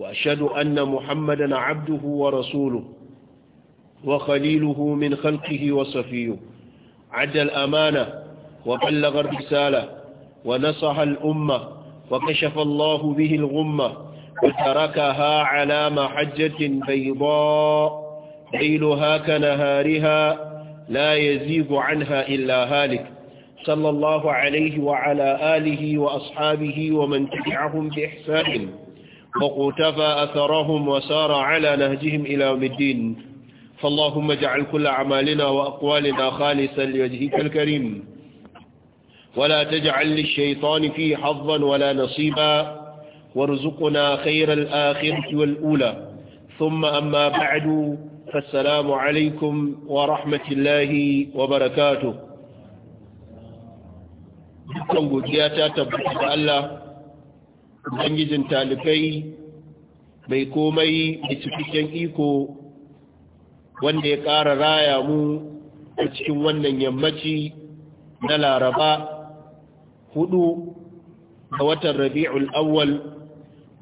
وأشهد أن محمدا عبده ورسوله وخليله من خلقه وصفيه عد الأمانة وبلغ الرسالة ونصح الأمة وكشف الله به الغمة وتركها على محجة بيضاء ليلها كنهارها لا يزيغ عنها إلا هالك صلى الله عليه وعلى آله وأصحابه ومن تبعهم بإحسان وقتفى أثرهم وسار على نهجهم إلى يوم الدين فاللهم اجعل كل أعمالنا وأقوالنا خالصا لوجهك الكريم ولا تجعل للشيطان فيه حظا ولا نصيبا وارزقنا خير الآخرة والأولى ثم أما بعد فالسلام عليكم ورحمة الله وبركاته dukkan godiya ta Allah ubangijin talibai mai komai mai iko wanda ya ƙara raya mu a cikin wannan yammaci na laraba hudu ga watan rabi'ul awwal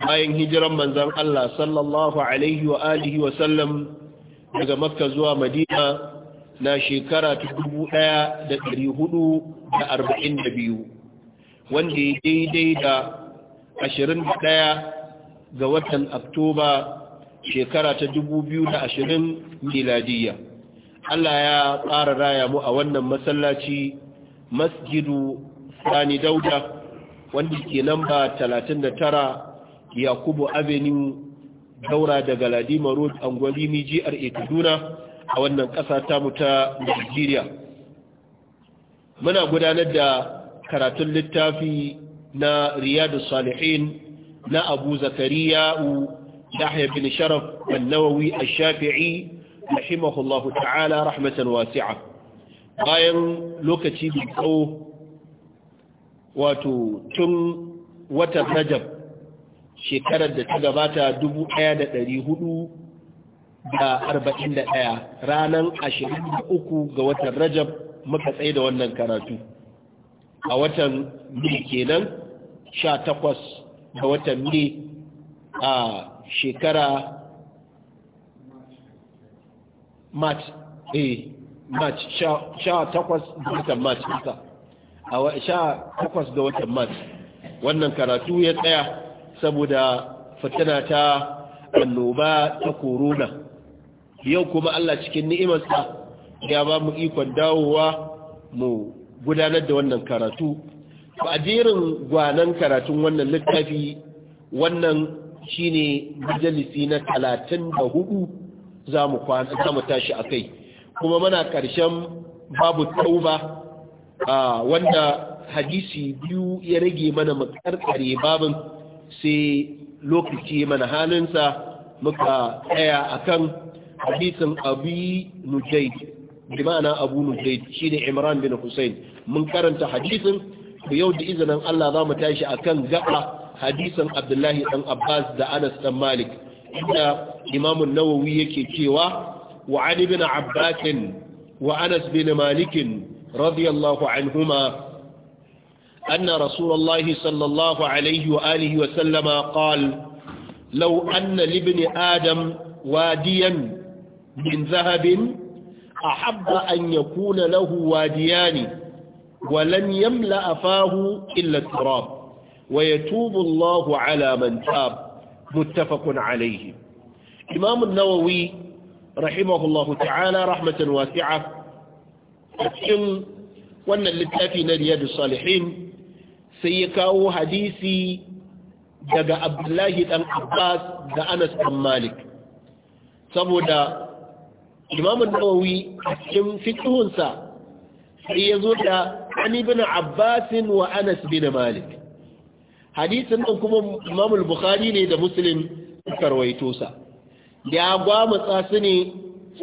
bayan hijiran manzan Allah sallallahu alaihi wa alihi wa daga makka zuwa madina na shekara ta biyu, wanda ya daidai da 21 ga watan Oktoba shekara ta 2020 miladiyya. Allah ya ƙara raya mu a wannan masallaci Masjidu Sani Dauda wanda ke namba tara Yakubu Avenue daura daga Ladima Road Angwalimi GRA Kaduna a wannan ƙasa ta muta ta Najeriya. Muna gudanar da karatun littafi na riyadu salihin na abu zakariya'u yahya bin sharaf annawawi ash-shafi'i rahimahullahu ta'ala rahmatan wasi'a bayan lokaci da tsawo wato tun watan rajab shekarar da ta gabata 1441 ranar 23 ga watan rajab muka tsaye da wannan karatu a watan mai kenan sha takwas da watan mai a shekara mat a mat sha takwas da watan mat a sha takwas da watan Mat. wannan karatu ya tsaya saboda fitina ta annoba ta korona. yau kuma Allah cikin ni'imarsa ya ba mu ikon dawowa mu gudanar da wannan karatu ba jerin gwanan karatun wannan littafi wannan shine majalisi na talatin da hudu za mu tashi a kai kuma muna ƙarshen babu tauba wanda hadisi biyu ya rage mana makarkare babin sai lokaci mana halinsa muka tsaya akan hadisin abi nujaid bi ma'ana abu shi shine imran bin hussein mun karanta hadisin yau da izinin Allah za mu tashi a kan gaba hadisin abdullahi dan abbas da anas dan malik inda imam an-nawawi yake cewa wa ali bin abbas wa anas bin malikin radiyallahu anhuma أن رسول sallallahu alaihi wa عليه wa وسلم قال لو أن libni adam wadiyan min zahabin. ahabba an yakuna nahu wadiyani wa lam afahu illa turab wa yatubu Allahu ala man tab muttafaqun alayhi Imam an-Nawawi rahimahullahu ta'ala rahmatan wasi'a cikin wannan littafi na Riyadus Salihin sai ya kawo hadisi daga Abdullahi dan Abbas da Anas bin Malik saboda Imamun nawawi a cikin fiqhunsa sai ya zo da ani bin abbasin wa anas bin malik hadisin nan kuma Imamul bukhari ne da muslim karwaito sa ya gwamutsa su ne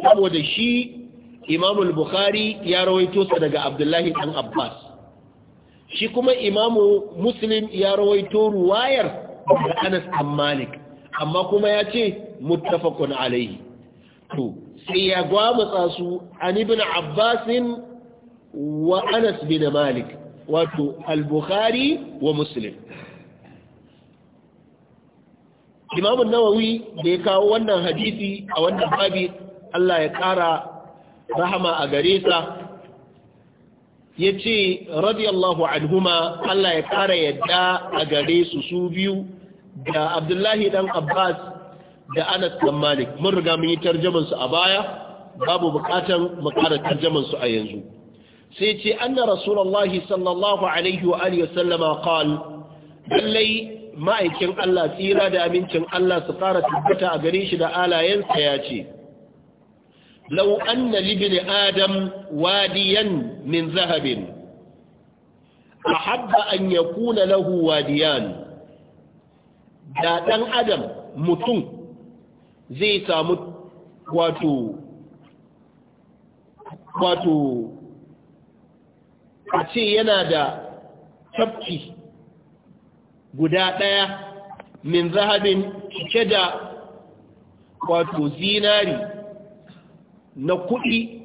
saboda shi Imamul bukhari ya rawaito sa daga abdullahi dan abbas shi kuma imamu muslim ya rawaito ruwayar da anas bin malik amma kuma ya ce muttafaqun alaihi to sai ya gwamutsa su an ibn abbasin wa anas bin malik wato al-bukhari wa muslim imam nawawi da ya kawo wannan hadisi a wannan babi Allah ya kara rahama a gare sa ya ce radiyallahu anhuma Allah ya kara yadda a gare su su biyu da abdullahi dan abbas da Anas dan Malik mun riga mun yi tarjaman su a baya babu bukatan mu ƙara tarjaman su a yanzu sai ce anna rasulullahi sallallahu alaihi wa alihi wasallama qal lallai ma'aikin Allah tsira da amincin Allah su fara tabbata a gare shi da alayensa ya ce, Lau an na libini Adam wadiyan min zahabin, a haɗa an ya kuna lahu wadiyan, da ɗan Adam mutum zai samu wato wato a ce yana da tafki guda ɗaya min zahabin cike da wato zinari na kuɗi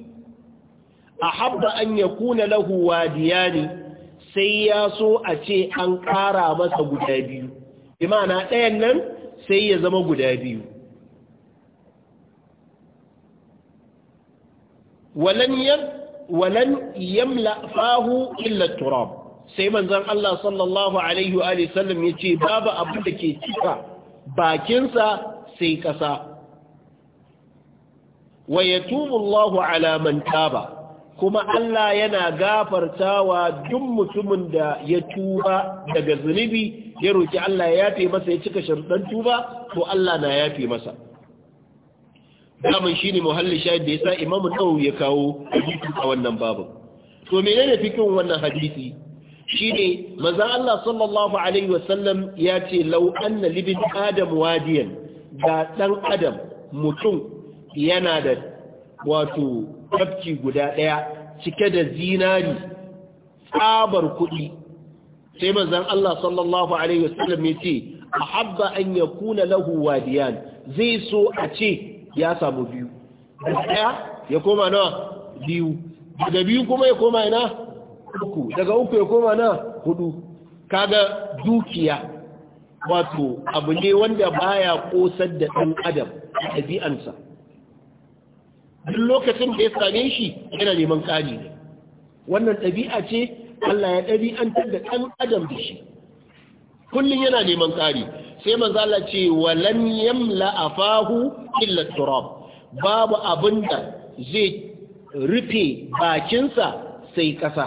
a habba an ya kuna lahu wadiyani sai ya so a ce an ƙara masa guda biyu imana ɗayan nan sai ya zama guda biyu walan yam walan fahu illa turab sai manzon Allah sallallahu alaihi wa alihi sallam yace babu abin da ke cika bakinsa sai ƙasa." wa yatubu Allahu ala man taba kuma Allah yana gafartawa duk mutumin da ya tuba daga zunubi ya roki Allah ya yafe masa ya cika sharuɗan tuba to Allah na yafe masa daman shine muhalli shahid da yasa imamu nawawi ya kawo hadisi a wannan babu to menene fikin wannan hadisi shine manzo Allah sallallahu alaihi wasallam ya ce law libin adam wadiyan da dan adam mutum yana da wato tafki guda daya cike da zinari tsabar kuɗi sai mazan Allah sallallahu alaihi wasallam ya ce ahabba an kuna lahu wadiyan zai so a ce ya samu biyu daga ɗaya ya koma nawa biyu daga biyu kuma ya koma ina uku daga uku ya koma na hudu kaga dukiya wato abu ne wanda baya kosar da ɗan adam a ɗabi'ansa duk lokacin da ya same shi yana neman ƙari ne wannan ɗabi'a ce Allah ya ɗabi'antar da ɗan adam da shi kullum yana neman ƙari sai manzala ce walan yamla afahu illa turab babu abinda zai rufe bakinsa sai ƙasa.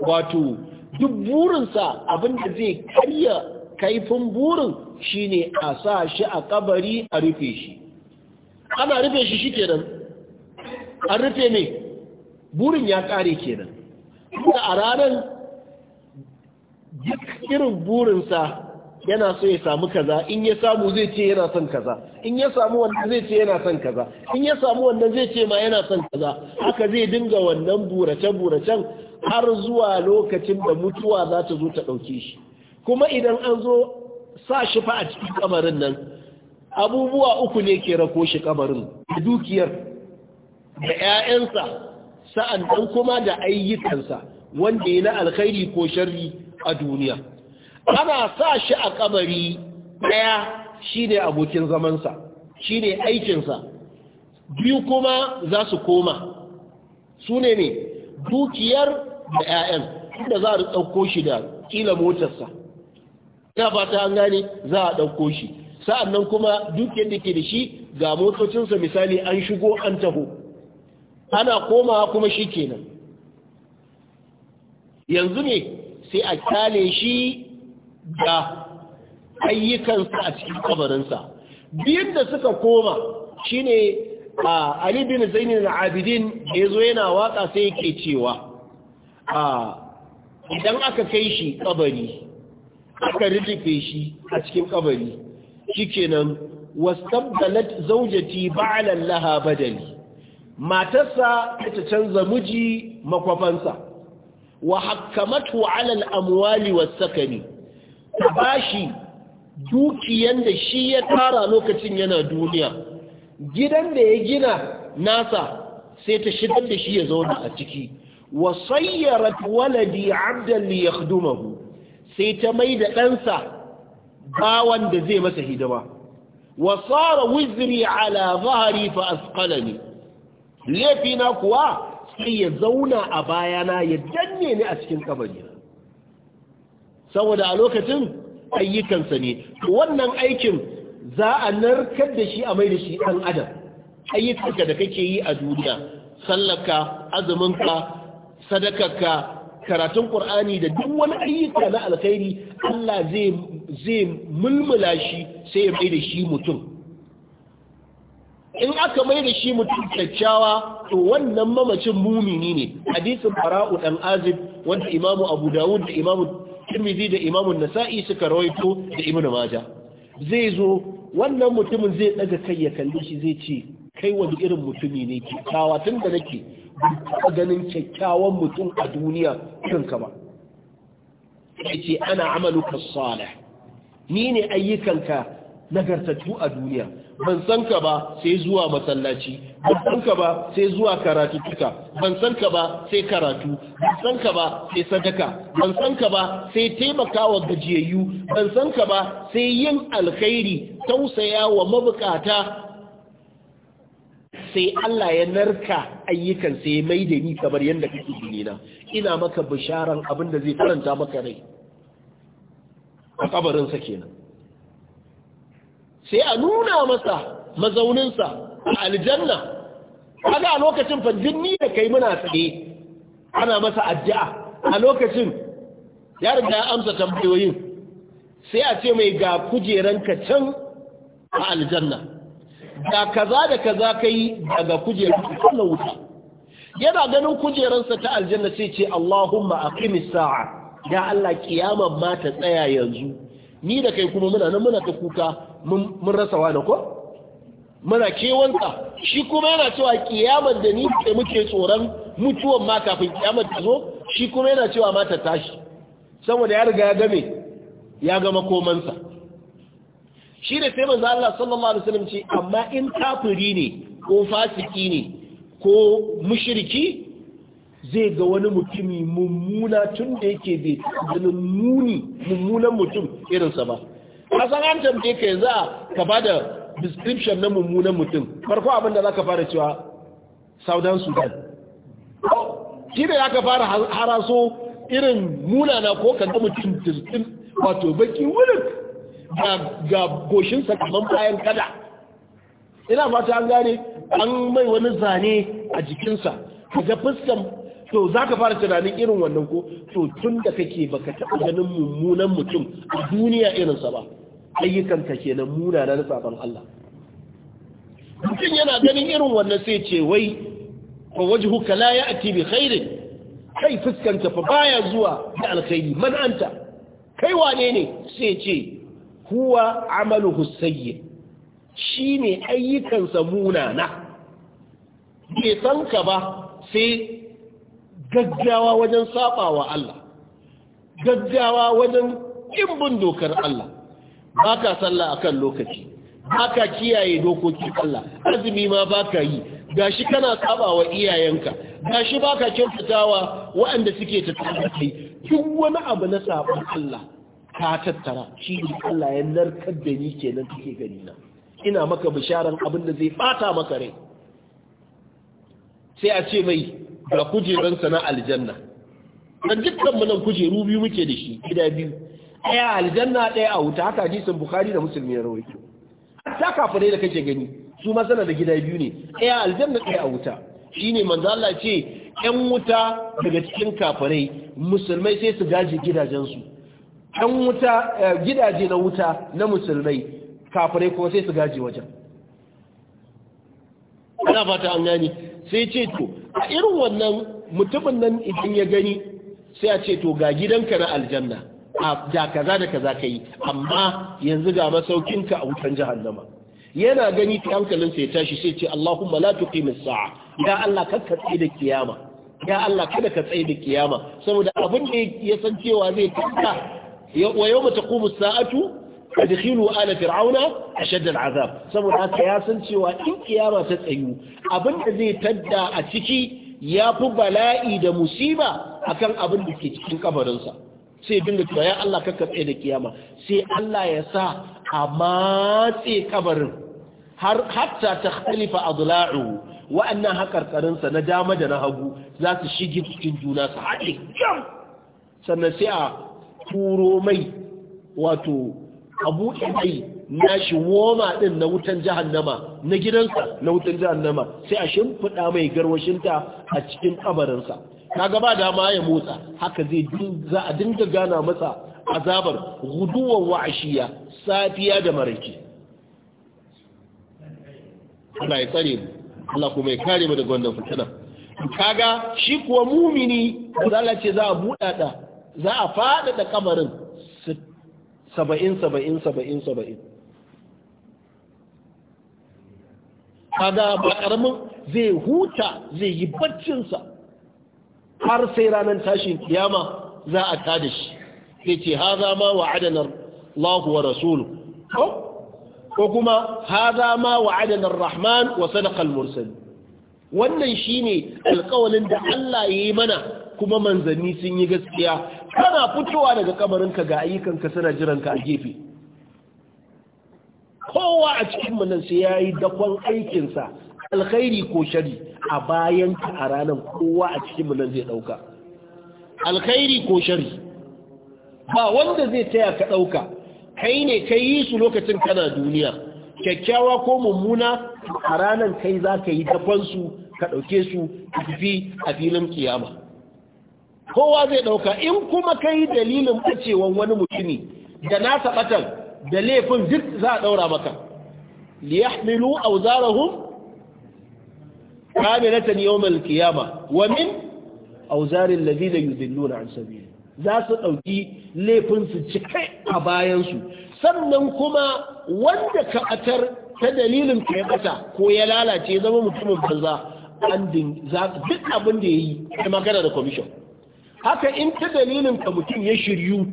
wato duk burinsa abinda zai karya kaifin burin shine a sa shi a kabari a rufe shi ana rufe shi shikenan an rufe ne burin ya kare kenan da a ranar duk burinsa yana so ya samu kaza in ya samu zai ce yana son kaza in ya samu wannan zai ce yana son kaza in ya samu wannan zai ce ma yana son kaza haka zai dinga wannan burace buracen har zuwa lokacin da mutuwa za ta zo ta ɗauke shi kuma idan an zo sa shi fa a cikin kamarin nan abubuwa uku ne ke rako shi kamarin da dukiyar da 'ya'yansa sa'an kuma da ayyukansa wanda ya na alkhairi ko sharri a duniya ana sa shi a kabari ɗaya shi ne abokin zamansa shi ne aikinsa biyu kuma za su koma su ne ne dukiyar da 'ya'yan inda za a ɗauko shi da kila motarsa ta fata an gane za a ɗauko shi Sa'an nan kuma dukiyar da ke da shi ga motocinsa misali an shigo an taho ana komawa kuma shi kenan yanzu ne sai a kyale shi da ayyukansa a cikin kabarinsa biyun da suka koma shine a Ali bin Zain abidin da zo yana waka sai yake cewa a idan aka kai shi kabari aka rufe shi a cikin kabari shikenan wastabdalat zawjati ba'lan laha badali matarsa ta canza miji makwafansa wa hakkamatu ala al-amwali was-sakani ta shi dukiyan da shi ya tara lokacin yana duniya gidan da ya gina nasa sai ta shigar da shi ya zauna a ciki wa sayyarat waladi abdan li yakhdumahu sai ta mai da ɗansa bawan da zai masa hidima wa sara wizri ala zahari fa asqalani kuwa sai ya zauna a bayana ya danne ni a cikin kabari saboda a lokacin ayyukansa ne wannan aikin za a narkar da shi a mai da shi ɗan adam ayyukanka da kake yi a duniya sallaka azuminka sadakarka karatun ƙur'ani da duk wani ayyuka na alkhairi Allah zai mulmula shi sai ya mai da shi mutum in aka mai da shi mutum kyakkyawa to wannan mamacin mumini ne hadisin fara'u dan azib wanda imamu abu dawud da imamu Tirmidhi da Imam An-Nasa'i suka rawaito da Ibn Majah zai zo wannan mutumin zai daga kai ya kalle shi zai ce kai wani irin mutumi ne ke kawa tun da nake ba ganin kyakkyawan mutum a duniya irin ka ba sai ce ana amaluka salih ni ne ayyukanka nagartattu a duniya ban san ka ba sai zuwa masallaci ban san ka ba sai zuwa karatu tuka ban san ka ba sai karatu ban san ka ba sai sadaka ban san ka ba sai taimakawa gajiyayyu ban san ka ba sai yin alkhairi tausaya wa mabukata sai Allah ya narka ayyukan sai ya mai ni kamar yadda kake dinina ina maka bisharan abin da zai faranta maka rai a sa kenan sai a nuna masa mazauninsa a aljanna kaga a lokacin fajinni da kai muna tsaye ana masa addu'a a lokacin ya riga amsa tambayoyin sai a ce mai ga kujeranka can a aljanna da kaza da kaza kai daga kujeranka na wuta yana ganin kujeransa ta aljanna sai ce Allahumma aqimis sa'a ya Allah kiyama ma ta tsaya yanzu ni da kai kuma muna nan muna ta kuka mun rasa wani ko muna kewanka shi kuma yana cewa kiyamar da ni da muke tsoron mutuwan ma kafin kiyamar ta zo shi kuma yana cewa mata tashi saboda ya riga ya game ya gama komansa. shi da sai manzo Allah sallallahu alaihi wasallam ce amma in kafiri ne ko fasiki ne ko mushriki zai ga wani mutumi mummuna tun da yake bai da mummunan mutum irinsa ba Ka san an tambaye ka za ka ba da description na mummunan mutum farko abin da za ka fara cewa saudan sudan shi da ya ka fara haraso irin munana ko kan mutum tirtin wato baki wurin ga goshinsa kamar bayan kada ina fata an gane an mai wani zane a jikinsa ga fuskan to za ka fara tunanin irin wannan ko to tun da kake baka taɓa ganin mummunan mutum a duniya irinsa ba ayyukanka kenan muna na saban Allah mutum yana ganin irin wannan sai ce wai waje hukala la ya'ti bi khairin kai fuskanta fa baya zuwa da alkhairi man anta kai wane ne sai ce huwa amaluhu sayyi shine ayyukansa munana bai san ka ba sai gaggawa wajen sabawa Allah gaggawa wajen bin dokar Allah ba ka sallah a kan lokaci ba ka kiyaye dokoki Allah azumi ma ba ka yi Ga shi kana saba wa iyayenka gashi ba ka kyautatawa waɗanda suke tattara kai Tun wani abu na sabon Allah ka tattara shi ne Allah ya narkar da ni kenan take gani na ina maka bisharan abin da zai bata maka rai sai a ce mai ga kujeransa na aljanna dan dukkan mu nan kujeru biyu muke da shi gida biyu ɗaya aljanna ɗaya a wuta haka hadisin bukhari da musulmi ya rawaito Ta kafirai da kake gani su ma sana da gida biyu ne ɗaya aljanna ɗaya a wuta shine manzo Allah ce ƴan wuta daga cikin kafirai musulmai sai su gaji gidajensu ƴan wuta eh, gidaje na wuta na musulmai kafirai kuma sai su gaji wajen ana fata an gani sai ce to a irin wannan mutumin nan idan ya gani sai a ce to ga gidanka na aljanna da kaza da kaza kai amma yanzu ga masaukinka a wutan jahannama yana gani ta hankalin sai tashi sai ce Allahumma la tuqimis sa'a ya Allah ka tsaye da kiyama ya Allah kada ka tsaye da kiyama saboda abin da ya san cewa zai tsaka wa yawma taqumu sa'atu adkhilu ala fir'auna ashad azab. saboda haka ya san cewa in kiyama ta tsayu abin da zai tadda a ciki ya fi bala'i da musiba akan abin da ke cikin kabarinsa sai dinga cewa ya Allah ka katse da kiyama sai Allah ya sa a matse kabarin har hatta ta khalifa adla'u wa'annan hakarkarinsa na dama da na hagu za su shige cikin juna su haɗe sannan sai a turo mai wato abu mai shi woma ɗin na wutan jahannama na gidansa na wutan jahannama sai a shimfiɗa mai garwashinta a cikin kabarinsa kaga ba dama ya motsa haka zai za a dinga gana masa azabar guduwan wa'ashiya safiya da maraice Allah ya tsare mu Allah kuma ya kare mu daga wannan fitina kaga shi kuwa mumini Allah ce za a buɗaɗa za a faɗa da kamarin saba'in saba'in saba'in saba'in kaga ba ƙaramin zai huta zai yi baccinsa har sai ranar tashin kiyama za a tada shi Ya ce haza ma wa'adana Allah wa rasulu ko kuma haza ma wa'adana Rahman wa sadaqa al Wannan wannan shine alkawalin da Allah yayi mana kuma manzanni sun yi gaskiya kana fitowa daga kamarinka ga ayyukanka suna jiranka a gefe kowa a cikin nan sai yayi dakon aikinsa alkhairi ko shari a bayan ka a ranar kowa a cikin mu nan zai ɗauka. alkhairi ko shari ba wanda zai taya ka ɗauka kai ne kai yi su lokacin kana duniya kyakkyawa ko mummuna a ranar kai za ka yi dafan su ka ɗauke su a tafi a filin kiyama kowa zai ɗauka in kuma ka yi dalilin bacewan wani mutumi da nasa batan da laifin duk za a ɗaura maka liyahmilu auzarahum kamilatan yawmal qiyama wa min awzari alladhina yudilluna an sabili za su dauki laifin su cike a bayan su sannan kuma wanda ka atar ta dalilin ka ya bata ko ya lalace zama mutumin banza an din za duk abin da yayi magana da commission haka in ta dalilin ka mutum ya shiryu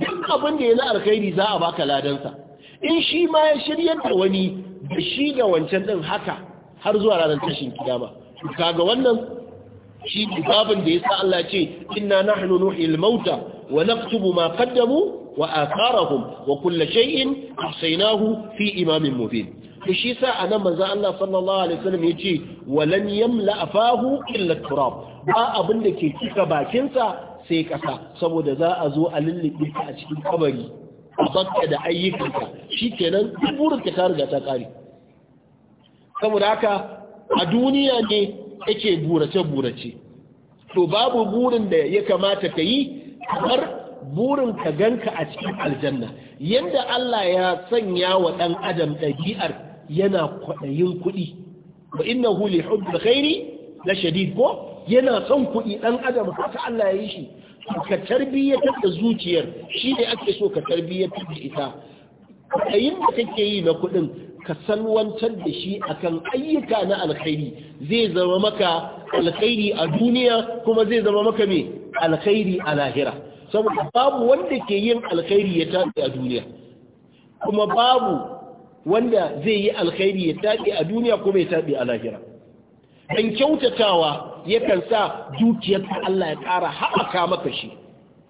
duk abin da ya na alkhairi za a baka ladansa in shi ma ya shiryar da wani da shi da wancan din haka har zuwa ranar tashin kiyama kaga wannan shi babin da yasa Allah ce inna nahnu nuhyil mauta wa naktubu ma qaddamu wa atharahum wa kullu shay'in ahsaynahu fi imamin mubin to shi sa anan manzo Allah sallallahu alaihi wasallam yace walan yamla afahu illa turab ba abin da ke cika bakinsa sai kasa saboda za a zo a lullubi ka a cikin kabari a bakka da ayyukanka shikenan duk burin ka riga ta kare saboda haka a duniya ne yake burace-burace to babu burin da ya kamata ka yi kamar burin ka ganka a cikin aljanna yadda Allah ya sanya wa ɗan adam ɗabi'ar yana kwaɗayin kuɗi ba inna huli hudu khairi na shadid ko yana son kuɗi ɗan adam haka Allah ya yi shi ka tarbiyyatar da zuciyar shi ne ake so ka tarbiyyatar da ita kwaɗayin da kake yi na kuɗin ka salwantar da shi akan ayyuka na alkhairi zai zama maka alkhairi a duniya kuma zai zama maka mai alkhairi a lahira saboda babu wanda ke yin alkhairi ya tafi a duniya kuma babu wanda zai yi alkhairi ya tafi a duniya kuma ya tafi a lahira dan kyautatawa yakan sa dukiyar Allah ya ƙara haɓaka maka shi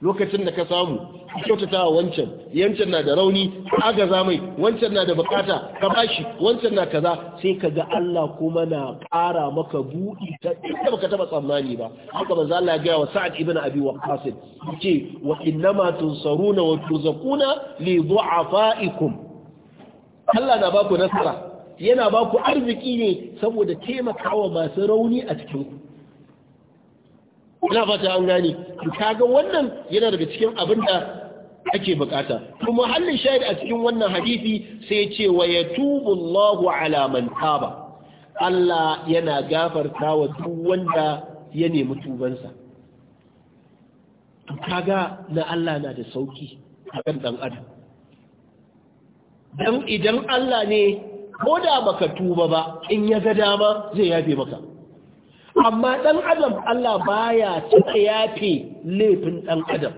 lokacin da ka samu kyautata wa wancan yancan na da rauni agaza mai wancan na da bukata ka bashi wancan na kaza sai ka ga Allah kuma na ƙara maka buɗi ta inda baka taba tsammani ba haka manzo Allah ya ga wa Sa'ad ibn Abi Waqqas yace wa innama tunsaruna wa tuzakuna li du'afaikum Allah na baku nasara yana baku arziki ne saboda taimakawa masu rauni a cikin ku ina fata an gane kaga wannan yana daga cikin abin da ake bukata kuma muhallin shahid a cikin wannan hadisi sai ya ce wa yatubu Allahu ala man taba Allah yana gafarta wa duk wanda ya nemi tubansa kaga na Allah na da sauki kan dan adam dan idan Allah ne ko da baka tuba ba in ya ga dama zai yafe maka amma ɗan adam Allah baya cika yafe laifin ɗan adam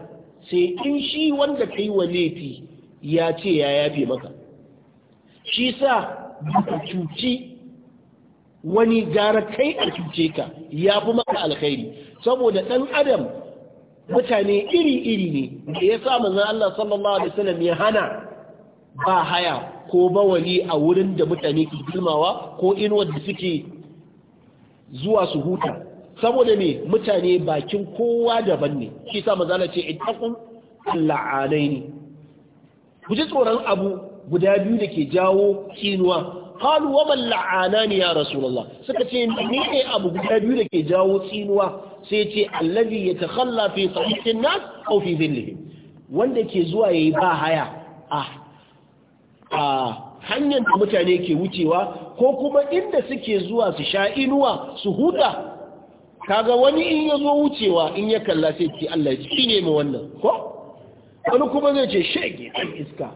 sai in shi wanda ka yi wa laifi ya ce ya yafe maka shi sa ka cuci wani gara kai a cuce ka ya fi maka alkhairi saboda ɗan adam mutane iri-iri ne da ya sa manzan Allah sallallahu Alaihi wasallam ya hana ba haya ko bawali a wurin da mutane ke girmawa ko inuwar da suke zuwa su huta saboda me mutane bakin kowa daban ne shi sa na ce ittaqu la'anaini ku ji tsoron abu guda biyu da ke jawo kinuwa qalu wa man la'anani ya rasulullah suka ce ni ne abu guda biyu da ke jawo tsinuwa sai ce allazi yatakhalla fi tariqin nas aw fi dhillihim wanda ke zuwa yayi ba haya a ah, ah, hanyar da mutane ke wucewa ko kuma inda suke zuwa su sha inuwa su huta kaga wani in ya zo wucewa in ya kalla sai ce Allah shi ne mu wannan ko wani kuma zai ce shege an iska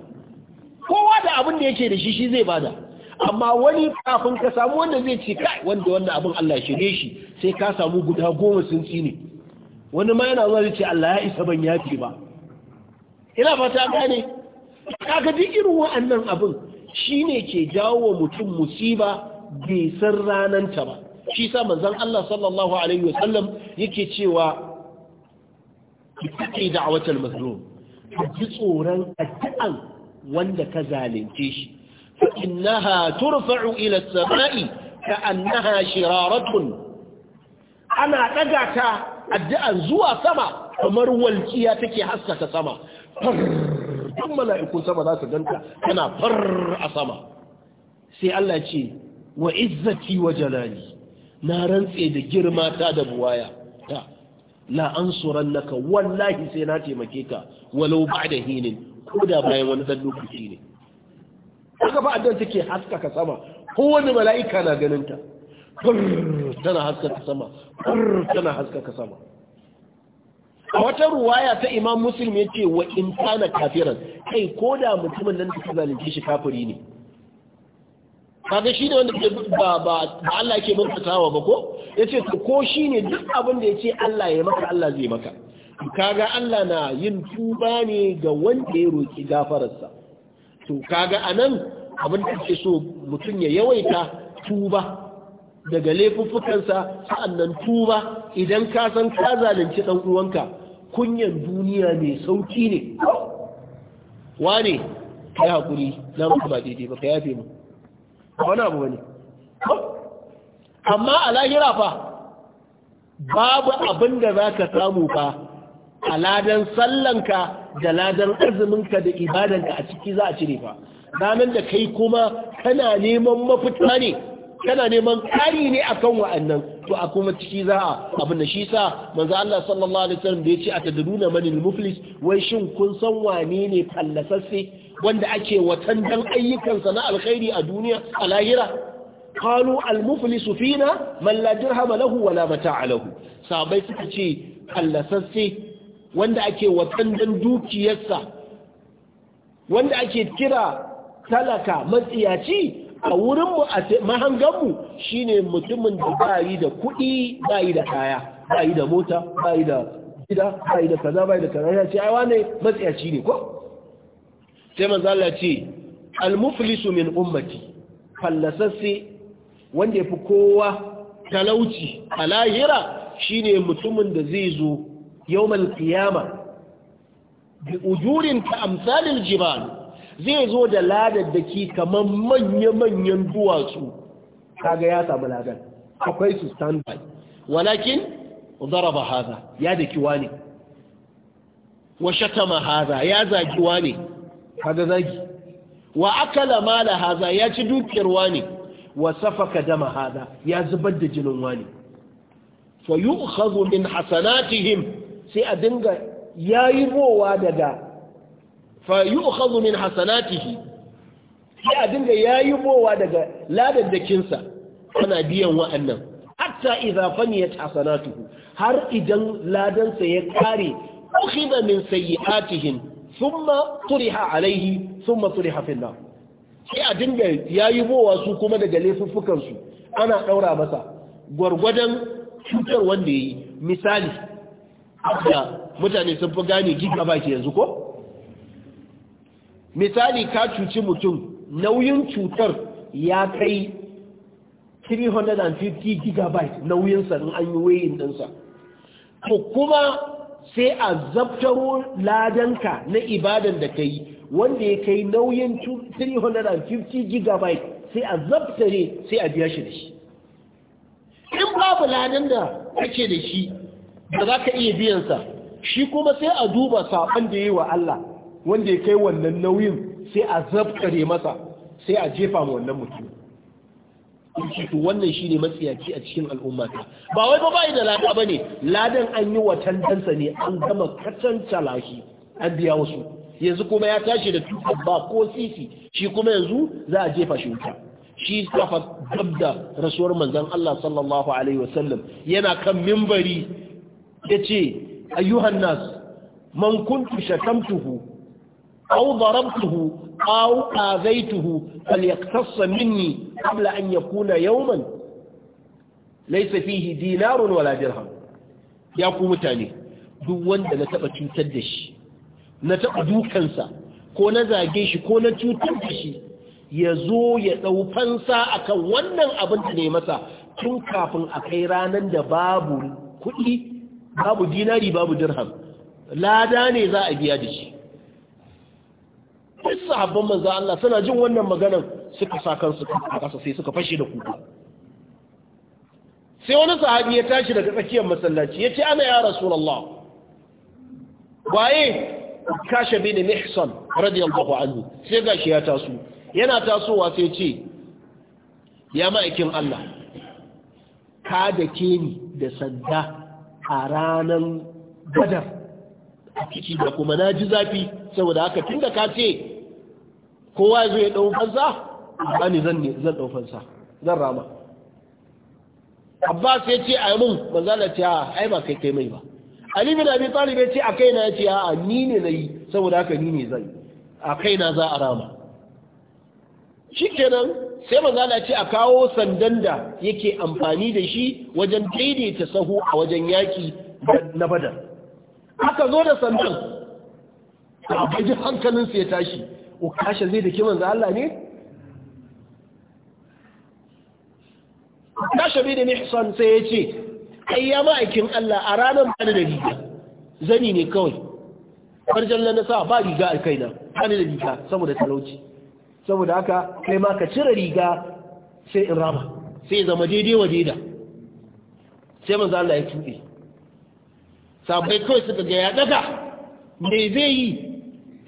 kowa da abin da yake da shi shi zai bada amma wani kafin ka samu wanda zai ce kai wanda wannan abin Allah shirye shi sai ka samu guda goma sun ci tsine wani ma yana zuwa zai ce Allah ya isa ban yafi ba ina fata gane kaga duk irin wa'annan abin shi ne ke jawo mutum musiba bai san rananta ba shi sa manzan Allah sallallahu alaihi wasallam yake cewa ki watan mazlum ji tsoron addu'an wanda ka zalunce shi fa innaha turfa'u ila samai ka'annaha shiraratun ana ɗaga ta addu'an zuwa sama kamar walƙiya take haskaka sama duk mala'ikun sama za su ganka kana far a sama sai Allah ce wa izzati wa jalali na rantse da girma ta da buwaya ta la ansurannaka wallahi sai na taimake ka walau da hinin ko da bayan wani dan lokaci ne kaga ba addan take haskaka sama kowane mala'ika na ganin ta tana haskaka sama tana haskaka sama a wata ruwaya ta imam muslim ya ce wa in kana kafiran kai ko da mutumin nan da ta zalunce shi kafiri ne kaga shi ne wanda ke ba ba Allah ke bautawa ba ko yace to ko shi ne duk abin da yace Allah ya maka Allah zai maka kaga Allah na yin tuba ne ga wanda ya roki gafararsa to kaga anan abin da ke so mutum ya yawaita tuba daga laifuffukansa sa'annan tuba idan ka san ka zalunci ɗan uwanka kunyan duniya mai sauki ne wane ka yi haƙuri na mutu ba daidai ba ka yafe mu wani abu wani amma a lahira fa babu abin da za ka samu fa a ladan sallanka da ladan arziminka da ibadanka a ciki za a cire fa ranar da kai kuma kana neman mafita ne Tana neman kari ne akan wa'annan to a kuma ciki za a abin da shi sa manzo Allah sallallahu alaihi wasallam da yace atadruna manil muflis wai shin kun san wane ne fallasasse wanda ake watan dan ayyukansa na alkhairi a duniya a lahira qalu al muflis fina man la dirham lahu wala mata'a lahu sabai suka ce fallasasse wanda ake watan dan dukiyarsa wanda ake kira talaka matsiyaci a wurinmu a mahanganmu shine mutumin da ba yi da kuɗi ba yi da kaya yi da mota ba yi da gida ba yi da kaza ba yi da kaza ya ce ai ne matsayaci ne ko sai manzo ce al min ummati fallasasse wanda ya fi kowa talauci a lahira shine mutumin da zai zo yau malkiyama bi ujurin ta amsalin jibal zai zo da da ke kamar manya-manyan duwatsu kaga ya samu ladar akwai su standby walakin zaraba haza ya da kiwa ne wa shatama haza ya zagi ne kaga zagi wa akala mala haza ya ci dukiyar wane wa safaka dama haza ya zubar da jinin wane fa yu'khadhu min hasanatihim sai a dinga yayi rowa daga fa yu'khadhu min hasanatihi sai a dinga bowa daga ladaddakinsa ana biyan wa'annan hatta idza faniyat hasanatuhu har idan ladansa ya kare ukhidha min sayyi'atihim thumma turiha alayhi thumma turiha fil nar sai a dinga bowa su kuma daga lefuffukan su ana daura masa gwargwadon cutar wanda yayi misali mutane sun fi gane gida baki yanzu ko misali ka cuci mutum nauyin cutar ya kai 350 gigabyte nauyin sanin an yi wayin ɗinsa to kuma sai a zabtaro ladanka na ibadan da ka yi wanda ya kai nauyin 350 gigabyte sai a zabtare sai a biya shi da shi in babu ladan da kake da shi ba za ka iya sa shi kuma sai a duba saɓon da yi wa Allah wanda ya kai wannan nauyin sai a masa sai a jefa ma wannan mutum to wannan shine matsiyaci a cikin al'umma ta ba wai ba bai da lada ne. ladan an yi wa ne an gama katanta lashi an biya wasu yanzu kuma ya tashi da tuka ba ko sisi shi kuma yanzu za a jefa shi wuta shi kafa dabda rasuwar manzon Allah sallallahu alaihi wasallam yana kan mimbari yace ayyuhan nas man kuntu shatamtuhu أو ضربته أو آذيته فليقتص مني قبل أن يكون يوما ليس فيه دينار ولا درهم يا قومتاني duk wanda na taɓa cutar da shi na taɓa dukansa ko na zage shi ko na cutar da shi ya zo ya ɗau akan wannan abin da ne masa tun kafin a kai ranar da babu kuɗi babu dinari babu dirham lada ne za a biya da shi duk sahabban manzo Allah suna jin wannan maganar suka sa kansu a kasa sai suka fashe da kuka sai wani sahabi ya tashi daga tsakiyar masallaci ya ce ana ya rasulullah waye kashe bin mihsan radiyallahu anhu sai gashi ya taso yana tasowa sai ce ya ma'aikin Allah ka da ke ni da sanda a ranar gadar? a kici da kuma na ji zafi saboda haka tun da ka ce kowa zai ya ɗau ba ne zan ɗau zan rama abbas ya ce a yi mun manzala ce a ai ba kai kai mai ba ali bin abi talib ya ce a na ya ce a ni ne na yi saboda haka ni ne zai, a kai na za a rama Shi kenan sai na ce a kawo sandan da yake amfani da shi wajen daidaita sahu a wajen yaki na badar Haka zo da sandan a hankalin hankalinsa ya tashi ukasha zai da kiman Allah ne ukasha bai da mihsan sai ya ce ai ya ma'aikin Allah a ranar bani da riga zani ne kawai farjan na sa ba riga a kaina bani da riga saboda talauci saboda haka kai ma ka cire riga sai in rama sai zama daidai wa daida sai manzo Allah ya tuɗe sabai kawai suka ga ya daga me zai yi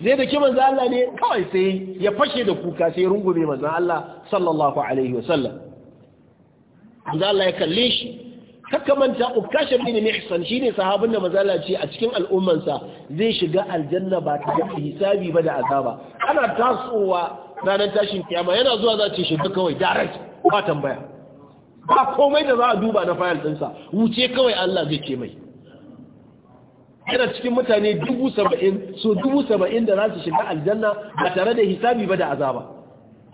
zai daki manzo Allah ne kawai sai ya fashe da kuka sai rungume maza Allah sallallahu alaihi wasallam Allah ya kalle shi kakamanta manta ukasha bin shi ne sahabin da mazala ce a cikin al'ummansa zai shiga aljanna ba ta da hisabi ba da azaba ana tasowa ranar tashin kiyama yana zuwa za ce shiga kawai direct ba tambaya ba komai da za a duba na fayil ɗinsa, wuce kawai Allah zai ce mai yana cikin mutane dubu saba'in so dubu saba'in da za su shiga aljanna ba tare da hisabi ba da azaba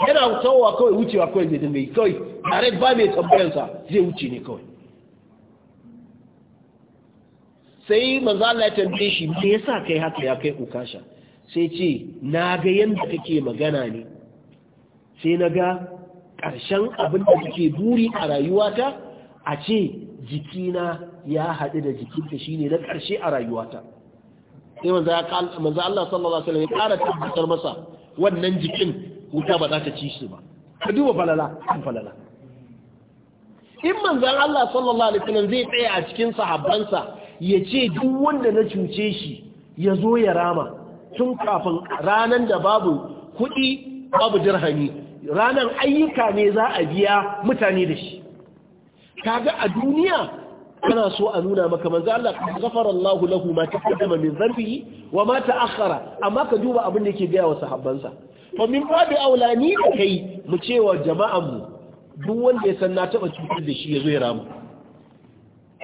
yana tawowa kawai wucewa kawai zai dinga kawai tare ba mai tambayansa zai wuce ne kawai sai manzo Allah ya tambaye shi me yasa kai haka ya kai ukasha sai ce na ga yanda kake magana ne sai na ga karshen abin da kake buri a rayuwata a ce jikina ya haɗu da jikinta ne na ƙarshe a rayuwata sai maza Allah sallallahu alaihi wasallam ya ƙara tabbatar masa wannan jikin wuta ba za ta ci shi ba ka duba falala kan falala in manzan Allah sallallahu alaihi wasallam zai tsaya a cikin sahabbansa ya ce duk wanda na cuce shi ya zo ya rama tun kafin ranar da babu kuɗi babu dirhami ranar ayyuka ne za a biya mutane da shi kaga a duniya Kana so a nuna maka manzo Allah ghafara Allah lahu ma taqaddama min dhanbihi wa ma ta'akhkhara amma ka duba abin da yake ga wa sahabbansa fa min babu aulani da kai mu cewa jama'an mu duk wanda ya san na taba cutar da shi yazo ya rama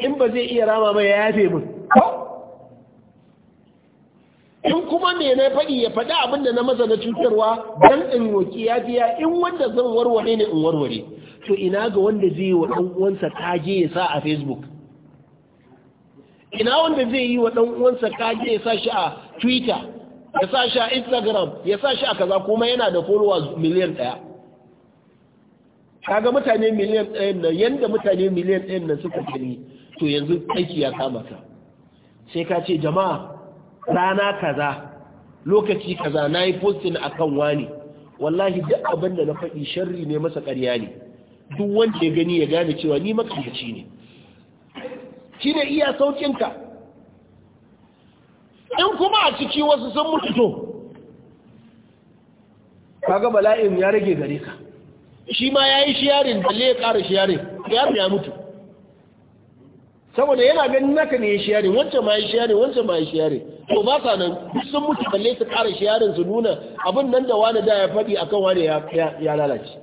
in ba zai iya rama ba ya yafe mun in kuma me na faɗi ya faɗi abinda na masa na cutarwa dan in roki yafiya in wanda zan warware ne in warware to ina ga wanda zai wa ɗan uwansa taje ya sa a facebook ina wanda zai yi wa ɗan uwansa kage ya sa a twitter ya sa a instagram ya sa a kaza kuma yana da followers miliyan ɗaya kaga mutane miliyan ɗayan nan yanda mutane miliyan ɗayan nan suka gani to yanzu aiki ya kama ka sai ka ce jama'a rana kaza lokaci kaza na yi postin a kan wani wallahi duk abin da na faɗi sharri ne masa ƙarya ne duk wanda ya gani ya gane cewa ni makamaci ne shi ne iya saukinka in kuma a ciki wasu sun mutu to kaga bala'in ya rage gare ka shi ma ya yi shiyarin balle ya ƙara shiyarin yaron ya mutu saboda yana ganin naka ne ya shiyarin wancan ma ya shiyarin wancan ma ya shiyarin to ba sa nan duk sun mutu balle su ƙara shiyarin su nuna abin nan da wani da ya faɗi akan wani ya lalace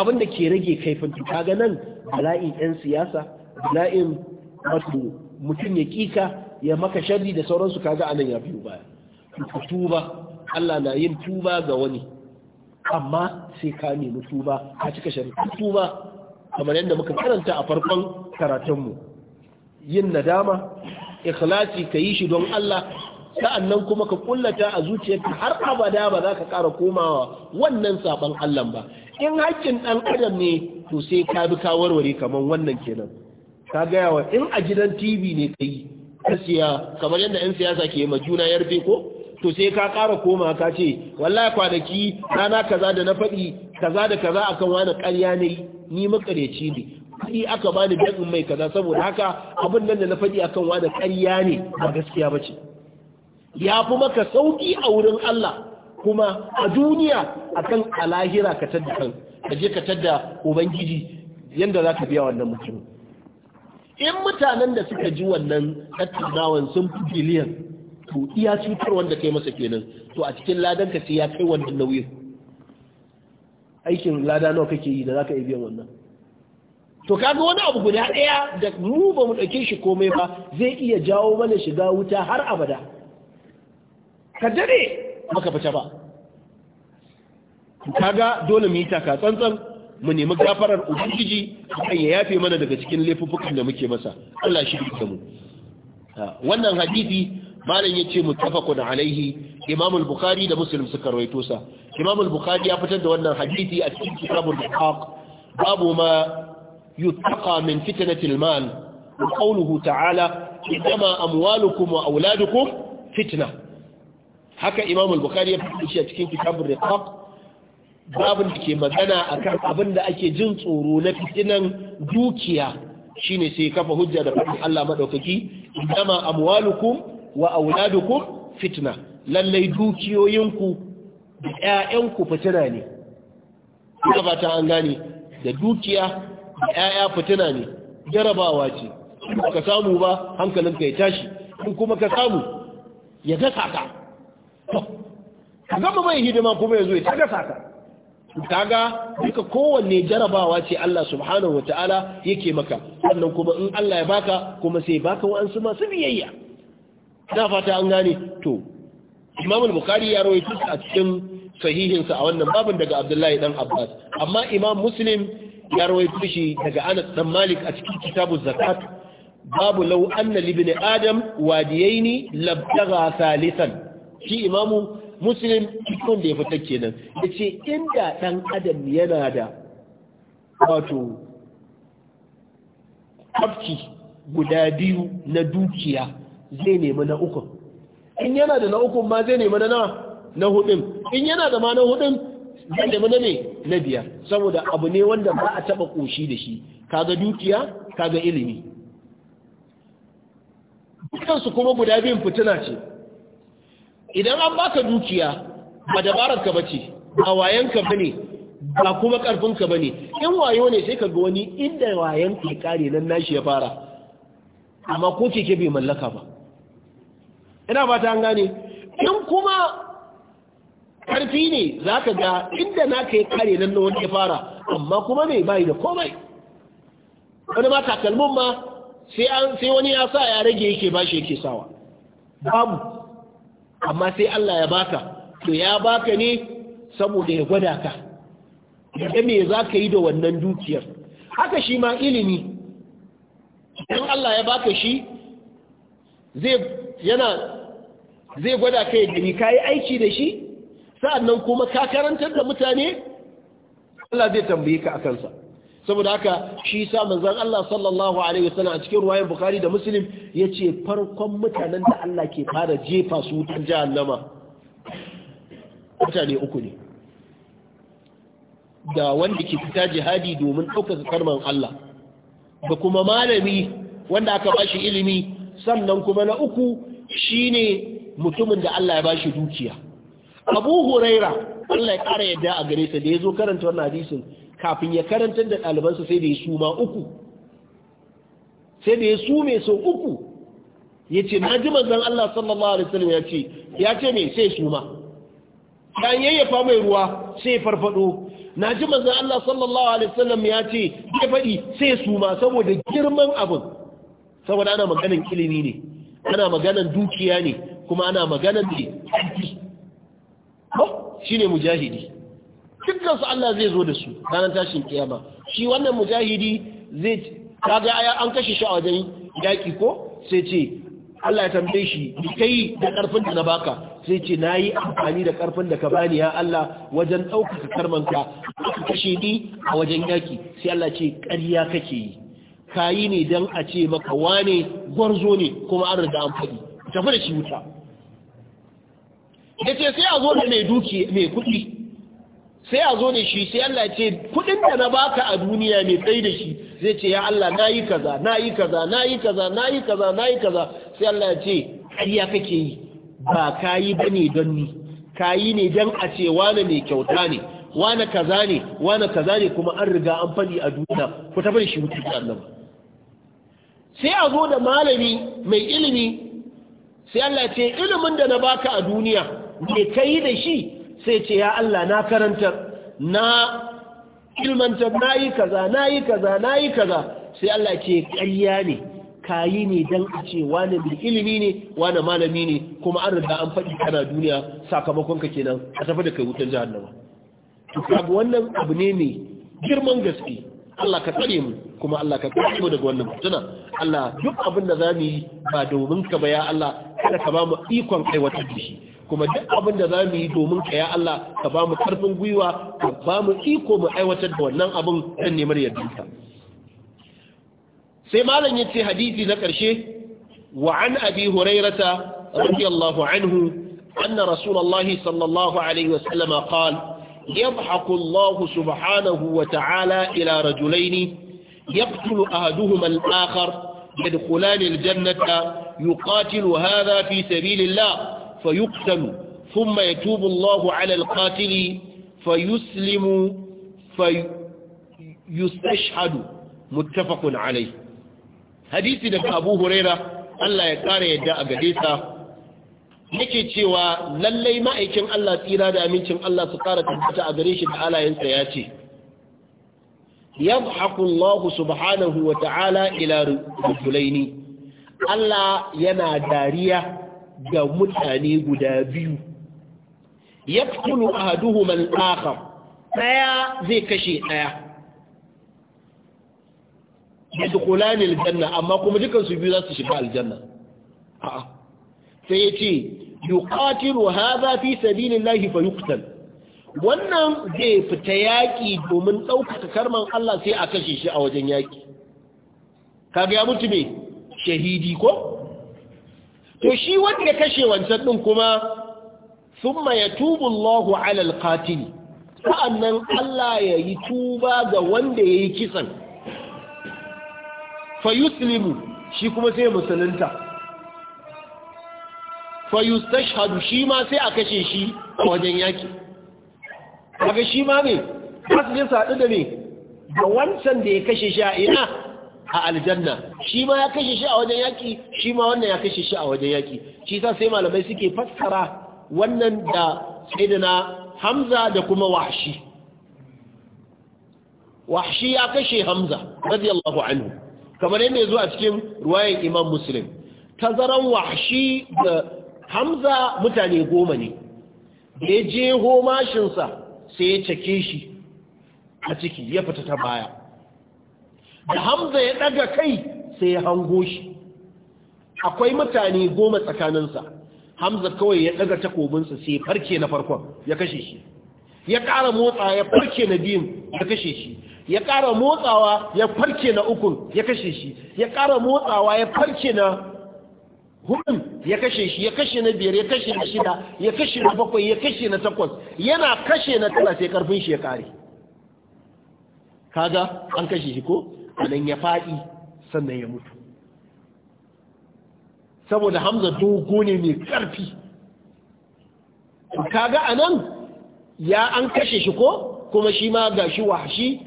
abin da ke rage kaifin kaga nan bala'in 'yan siyasa la'im matu mutum ya kika ya maka sharri da sauransu kaga anan ya biyo baya ku tuba Allah na yin tuba ga wani amma sai ka nemi tuba ka cika sharri tuba kamar yadda muka karanta a farkon karatunmu yin nadama ikhlasi ka yi shi don Allah sa'annan kuma ka kullata a zuciyarka har abada ba za ka ƙara komawa wannan saban Allah ba in haƙƙin ɗan adam ne to sai ka bi ka warware kamar wannan kenan ka gaya wa in a gidan tv ne ka yi ka siya kamar yadda 'yan siyasa ke ma juna yarfe ko to sai ka ƙara koma ka ce wallahi kwanaki rana kaza da na faɗi kaza da kaza akan wani ƙarya ne ni makareci ne kuɗi aka bani ni in mai kaza saboda haka abin nan da na faɗi akan wani ƙarya ne ba gaskiya ba ce ya fi maka sauƙi a wurin Allah kuma a duniya akan alahira ka tadda kan ka je ka tadda ubangiji yadda za ka biya wannan mutum in mutanen da suka ji wannan tattaunawan sun fi biliyan to iya cutar wanda kai masa kenan to a cikin ladan ka ce ya kai wannan nauyin aikin lada nawa kake yi da ka iya biyan wannan to kaga wani abu guda ɗaya da mu ba mu dauke shi komai ba zai iya jawo mana shiga wuta har abada ka dare maka fita ba kaga dole mu yi taka tsantsan mu nemi gafarar ubangiji kan ya yafe mana daga cikin laifukan da muke masa Allah shi da mu wannan hadisi malam yace muttafaqun alaihi Imam al-Bukhari da Muslim suka rawaito sa Imam al-Bukhari ya fitar da wannan hadisi a cikin kitabul Ihaq babu ma yutaqa min fitnati al-mal wa qawluhu ta'ala inma amwalukum wa auladukum fitna haka Imam al-Bukhari ya fitar shi a cikin kitabul Ihaq babin da ke magana akan abin da ake jin tsoro na fitinan dukiya shine sai kafa hujja da faɗin Allah madaukaki inama amwalukum wa auladukum fitna lallai dukiyoyinku da ƴaƴanku fitina ne ina fata an gane da dukiya da ƴaƴa fitina ne jarabawa ce in ka samu ba hankalinka ya tashi in kuma ka samu ya gasa ka ka gama mai hidima kuma ya ya ta gasa ka kaga duka kowanne jarabawa ce Allah subhanahu wataala yake maka wannan kuma in Allah ya baka kuma sai baka wa'ansu masu biyayya da fata an gane to Imam al-Bukhari ya rawaito a cikin sahihinsa a wannan babin daga Abdullahi dan Abbas amma Imam Muslim ya rawaito shi daga Anas dan Malik a cikin kitabuz zakat babu law anna li adam wadiyaini labtagha salisan shi imamu muslim ikon da ya fita kenan ya ce inda ɗan adam yana da wato kafci guda biyu na dukiya zai nemi na ukun in yana da na ukun ma zai nemi na na hudun in yana da ma na hudun zai nemi na ne na biyar saboda abu ne wanda ba a taba koshi da shi kaga dukiya kaga ilimi dukansu kuma guda biyun fitina ce idan an baka dukiya ba dabarar ka bace a wayan ka bane ba kuma karfin ka bane in wayo ne sai ka ga wani inda wayan ya kare nan nashi ya fara amma ko keke bai mallaka ba ina ba ta gane in kuma karfi ne za ka ga inda naka ya kare nan wani ya fara amma kuma mai bai da komai wani ma takalmin ma sai wani ya sa ya rage yake bashi yake sawa babu amma sai Allah ya baka to ya baka ne saboda ya gwada ka da me za ka yi da wannan dukiyar haka shi ma ilimi idan Allah ya baka shi zai yana zai gwada ka ya gani ka yi aiki da shi sa'annan kuma ka karantar da mutane Allah zai tambaye ka a kansa saboda haka shi sa manzon Allah sallallahu alaihi wasallam a cikin ruwayan Bukhari da Muslim yace farkon mutanen da Allah ke fara jefa su wutar jahannama mutane uku ne da wanda ke fita jihadi domin ɗaukaka karman Allah da kuma malami wanda aka bashi ilimi sannan kuma na uku shine mutumin da Allah ya bashi dukiya Abu Huraira Allah ya ƙara yadda a gare sa da ya zo karanta wannan hadisin kafin ya karantar da ɗalibansa sai da ya suma uku sai da ya sume sau uku ya ce na ji manzan Allah sallallahu alaihi wasallam ya ce ya ce me sai suma bayan yayyafa mai ruwa sai farfado na ji manzan Allah sallallahu alaihi wasallam ya ce ya faɗi sai suma saboda girman abin saboda ana maganan ilimi ne ana maganan dukiya ne kuma ana maganan ne shi ne mujahidi Dukkansu Allah zai zo da su ranar tashin kiyama shi wannan mujahidi zai kaga an kashe shi a wajen yaki ko sai ce Allah ya tambaye shi ni kai da karfin da na baka sai ce nayi amfani da karfin da ka bani ya Allah wajen ɗaukaka karmanka ka kashe ni a wajen yaki sai Allah ce ƙarya kake yi kayi ne dan a ce maka wane gwarzo ne kuma an riga an faɗi tafi da shi wuta yace sai a zo da mai duki mai kuɗi sai a zo da shi sai Allah ce kudin da na baka a duniya mai tsayi da shi zai ce ya Allah na yi kaza na yi kaza na yi kaza na yi kaza na yi kaza sai Allah ya ce ƙarya kake yi ba ka yi ba ne don ni ka yi ne don a ce wane mai kyauta ne wane kaza ne wane kaza ne kuma an riga an faɗi a duniya ku ta bar shi wuce Allah sai a zo da malami mai ilimi sai Allah ce ilimin da na baka a duniya me kai da shi sai ce ya Allah na karantar na ilmantar na yi kaza na yi kaza na yi kaza sai Allah ce kayya ne kayi ne don a ce wani mai ilimi ne wani malami ne kuma an riga an faɗi kana duniya sakamakon ka kenan a tafi da kai wutar jahannama to kaga wannan abu ne mai girman gaske Allah ka tsare mu kuma Allah ka kare mu daga wannan mutuna Allah duk abin da mu yi ba domin ka ba ya Allah kada ka ba mu ikon kai wata shi. kuma duk abin da za mu yi domin ka ya Allah ka ba mu karfin gwiwa ka ba mu iko mu aiwatar da wannan abin dan nemar yardanka sai malam ce hadisi na karshe wa an abi hurairata radiyallahu anhu anna rasulullahi sallallahu alaihi wasallam qala يضحك الله سبحانه وتعالى إلى رجلين يقتل أهدهما الآخر يدخلان الجنة يقاتل هذا في سبيل الله فيقتل ثم يتوب الله على القاتل فيسلم فيستشهد متفق عليه حديث ده أبو هريرة الله يقارى يدعى قديسة yake cewa lallai ma'aikin Allah tsira da amincin Allah su ƙara tabbata a gare shi da alayensa ya ce yadhaku Allah subhanahu wa ta'ala ila rajulaini Allah yana dariya ga mutane guda biyu Ya a ahaduhum al-akhar ɗaya zai kashe daya kula ne aljanna. amma kuma dukkan su biyu za su shiga aljanna a'a sai yace yuqatilu hadha fi sabilillahi fayuqtal wannan zai fita yaƙi domin ɗaukaka karman Allah sai a kashe shi a wajen yaki kaga ya mutu me shahidi ko to shi wanda kashe wancan din kuma thumma yatubu Allahu ala alqatil sa'annan Allah ya yi tuba ga wanda yayi kisan fa yuslimu shi kuma sai musulunta fa yustashhadu shi ma sai a kashe shi a wajen yaki kaga shi ma ne ba su je da ne ga wancan da ya kashe shi a ina a aljanna shi ma ya kashe shi a wajen yaƙi, shi ma wannan ya kashe shi a wajen yaki shi sa sai malamai suke fassara wannan da sayyidina Hamza da kuma Wahshi Wahshi ya kashe Hamza radiyallahu anhu kamar yadda ya zo a cikin ruwayan Imam Muslim tazaran Wahshi da Hamza mutane goma ne da ya je homashinsa sai ya cake shi a ciki ya fita ta baya da hamza ya daga kai sai ya hango shi akwai mutane goma tsakaninsa hamza kawai ya daga takobinsa sai farke na farkon ya kashe shi ya ƙara motsa ya farke na biyun ya kashe shi ya ƙara motsawa ya farke na ukun ya kashe shi ya ƙara motsawa ya farke na hudun ya kashe shi ya kashe na biyar ya kashe na shida ya kashe na bakwai ya kashe na takwas yana kashe na tara sai karfin shi ya kare kaga an kashe shi ko anan ya faɗi sannan ya mutu saboda hamza dogo ne mai ƙarfi kaga anan ya an kashe shi ko kuma shi ma ga shi wahashi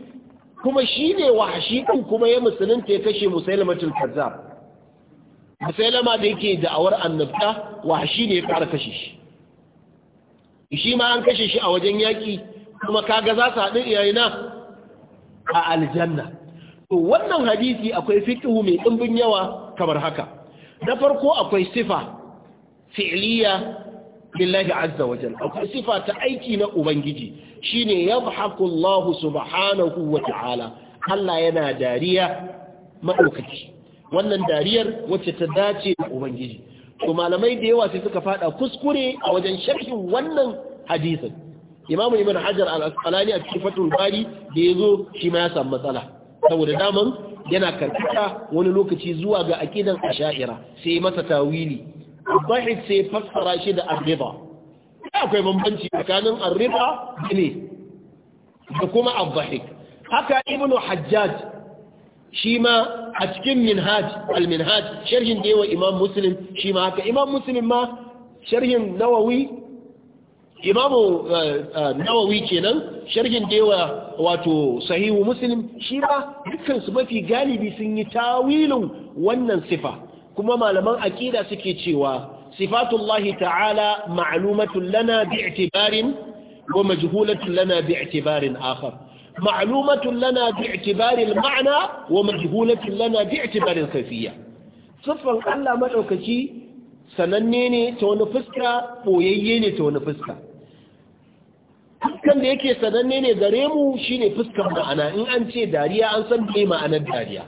kuma shi ne wahashi ɗin kuma ya musulunta ya kashe musailamatul kazzab musailama da yake da'awar annabta wahashi ne ya ƙara kashe shi shi ma an kashe shi a wajen yaƙi kuma kaga za su haɗu iyayena a aljanna to wannan hadisi akwai fiqhu mai dimbin yawa kamar haka na farko akwai sifa fi'liya lillahi azza wa jalla akwai sifa ta aiki na ubangiji shine yadhaku Allah subhanahu wa ta'ala Allah yana dariya madaukaki wannan dariyar wacce ta dace da ubangiji to malamai da yawa sai suka fada kuskure a wajen sharhin wannan hadisin imamu ibn hajar al-asqalani a cikin fatul bari da yazo shi ma ya samu matsala saboda daman yana karkata wani lokaci zuwa ga aƙidan asha'ira sai masa tawili dhahid sai fassara shi da arriba akwai bambanci tsakanin arriba ne da kuma abdahik haka ibnu hajjaj shi ma a cikin minhaj al-minhaj sharhin da yawa imam muslim shi ma haka imam muslim ma sharhin nawawi imamu eh, eh, nawawi kenan sharhin dewa wato sahihu muslim shi ba dukkan su mafi galibi sun yi tawilin wannan sifa kuma malaman aqida suke cewa sifatullahi ta'ala ma'lumatun lana bi'tibarin wa majhulatun lana bi'tibarin akhar ma'lumatun lana bi'tibaril ma'na wa majhulatun lana bi'tibaril kafiyya siffan Allah madaukaki sananne ne ta wani fuska boyayye ne ta wani fuska fuskan da yake sananne ne gare mu shine fuskan ma'ana in an ce dariya an san me ma'anar dariya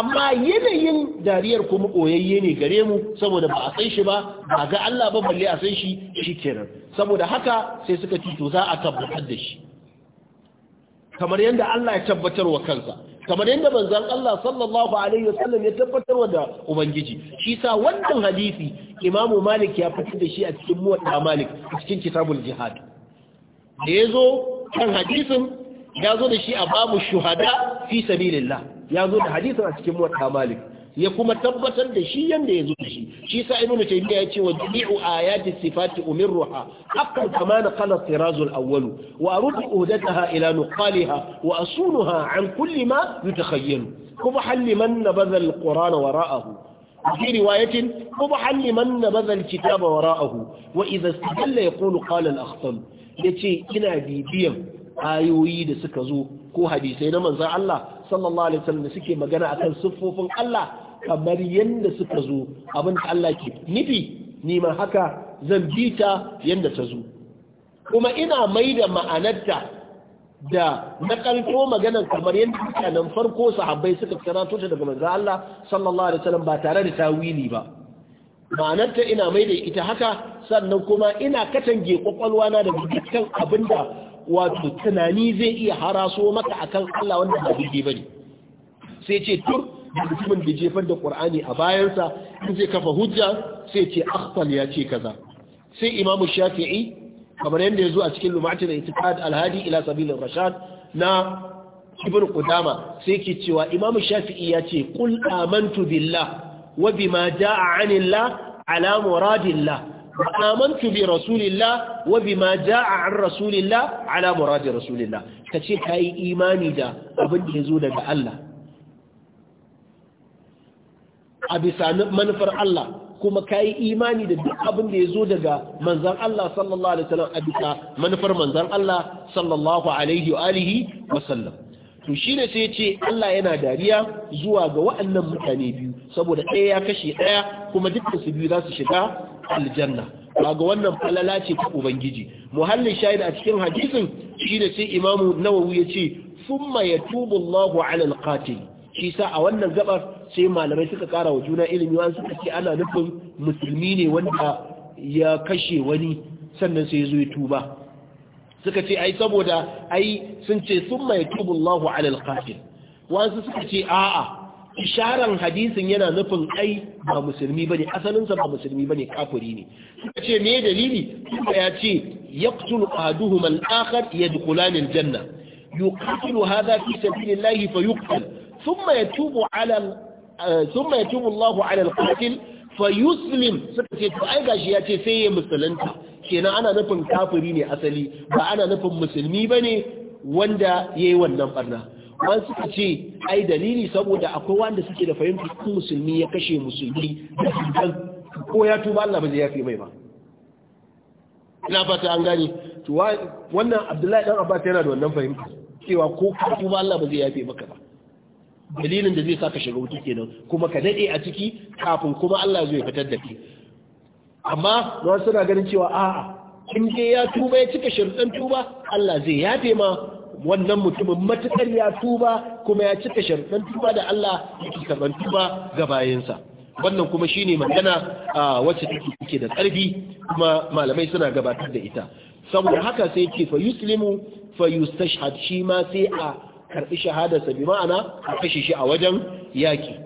amma yanayin dariyar kuma koyayye ne gare mu saboda ba a san shi ba ba ga Allah ba balle a san shi shikenan saboda haka sai suka ci za a tabbatar da shi kamar yadda Allah ya tabbatar wa kansa kamar yadda manzon Allah sallallahu alaihi wasallam ya tabbatar wa da ubangiji shi sa wannan hadisi imamu Malik ya fitar da shi a cikin Muwatta Malik a cikin Kitabul Jihad da ya zo kan hadisin ya zo da shi a babu shuhada fi sabilillah ya zo da hadisin a cikin muwatta malik ya kuma tabbatar da shi yanda ya zo da shi shi sa ibnu taymiya ya ce wa jami'u ayati sifati umirruha akka kama na qala tirazul awwal wa aruddu uhdataha ila nuqaliha wa asunuha an kulli ma yutakhayyalu kuma halliman nabadha alquran wara'ahu في رواية قبحا لمن نبذ الكتاب وراءه وإذا استدل يقول قال الأخطل ya ce ina bibiyan ayoyi da suka zo ko hadisai na manzan Allah sallallahu alaihi wasallam da suke magana akan siffofin Allah kamar yadda suka zo abin da Allah ke nufi neman haka zan bi ta yadda ta zo kuma ina mai da ma'anarta da na kalko maganar kamar yadda mutanen farko sahabbai suka karanto ta daga manzan Allah sallallahu alaihi wasallam ba tare da tawili ba ma'anarta ina mai da ita haka sannan kuma ina katange kwakwalwa na da dukkan abin da wato tunani zai iya haraso maka akan Allah wanda ba daidai bane sai ce tur da mutumin da jefar da Qur'ani a bayansa in zai kafa hujja sai ce akhtal ya ce kaza sai Imam Shafi'i kamar yadda ya zo a cikin Lumatul Itiqad al-Hadi ila Sabil rashad na Ibn Qudama sai ke cewa Imam Shafi'i ya ce qul amantu billah wa bima jaa anillah ala muradillah آمنت برسول الله وبما جاء عن رسول الله على مراد رسول الله كشي كاي إيماني دا أبن يزود دا الله أبي سانب منفر الله كما كاي إيماني دا أبن يزود دا منزل الله صلى الله عليه وسلم أبي منفر منزل الله صلى الله عليه وآله وسلم to shi ne sai ce Allah yana dariya zuwa ga wa'annan mutane biyu saboda ɗaya ya kashe ɗaya kuma dukkan su biyu za su shiga aljanna ba ga wannan falala ce ta ubangiji muhallin shahid a cikin hadisin shi ne sai imamu nawawi ya ce summa yatubu Allahu alal alqatil shi sa a wannan gabar sai malamai suka kara wa juna ilimi wani suka ce ana nufin musulmi ne wanda ya kashe wani sannan sai ya zo ya tuba suka ce ai saboda ai sun ce sun mai tubullahu alal qatil wasu suka ce a'a isharan hadisin yana nufin ai ba musulmi bane asalinsa ba musulmi bane kafiri ne suka ce me dalili kuma ya ce yaqtulu ahaduhum al-akhar yadkhulan al-janna yuqatilu hadha fi sabilillahi fayuqtal thumma yatubu ala eh, thumma yatubu Allahu ala al-qatil fayuslim suka ce to ai gashi ya ce sai ya musulunta kenan ana nufin kafiri ne asali ba ana nufin musulmi ba ne wanda ya yi wannan barna wani suka ce ai dalili saboda akwai wanda suke da fahimtar kun musulmi ya kashe musulmi da cutar ko ya tuba Allah ba zai yafe mai ba ina fata an gane to wannan Abdullahi dan Abbas yana da wannan fahimta cewa ko ka tuba Allah ba zai yafe maka ba dalilin da zai saka shiga wuta kenan kuma ka dade a ciki kafin kuma Allah zai fitar da kai amma wasu suna ganin cewa a'a in ke ya tuba ya cika sharuɗan tuba Allah zai yafe ma wannan mutumin matukar ya tuba kuma ya cika sharuɗan tuba da Allah yake karɓar tuba ga bayansa wannan kuma shine magana a wacce take da ƙarfi kuma malamai suna gabatar da ita saboda haka sai ke fa yuslimu fa yustashhad shi ma sai a karɓi shahadarsa bi ma'ana a kashe shi a wajen yaki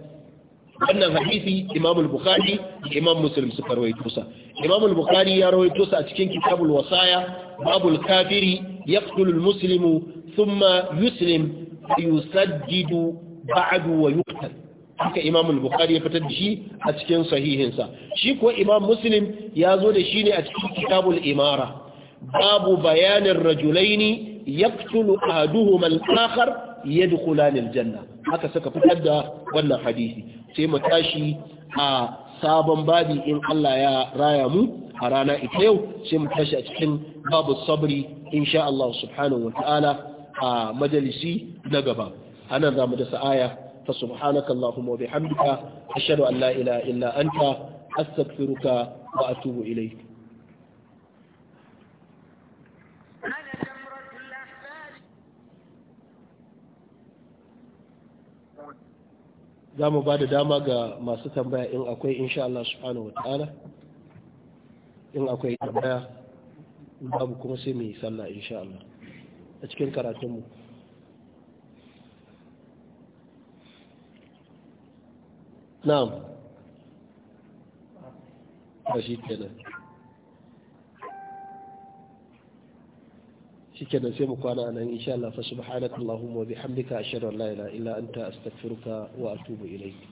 wannan hadisi Imam al-Bukhari imam muslim suka rawaito sa imam al-bukhari ya rawaito sa a cikin kitabul wasaya babul kafiri yaqtulu al-muslimu thumma yuslim yusaddidu ba'du wa yuqtal haka imam al-bukhari ya fitar da shi a cikin sahihin sa shi ko imam muslim ya zo da shi ne a cikin kitabul imara babu bayanin rajulaini yaqtulu ahaduhuma al-akhar yadkhulani janna haka suka fitar da wannan hadisi sai mu tashi a sabon babi in Allah ya raya mu a rana ita yau sai mu tashi a cikin babu sabri insha Allah subhanahu wata'ala a majalisi na gaba anan zamu da sa'aya fa subhanaka allahumma wa bihamdika ashhadu an la ilaha illa anta astaghfiruka wa atubu ilayk za mu ba da dama ga masu tambaya in akwai insha Allah subhanahu wata'ala in akwai tambaya babu kuma sai mu yi sallah insha Allah a cikin karatunmu na'am ba shi kenan shikenan sai mu kwana nan insha Allah fa subhanakallahumma wa bihamdika ashhadu an la ilaha illa anta astaghfiruka wa atubu ilayk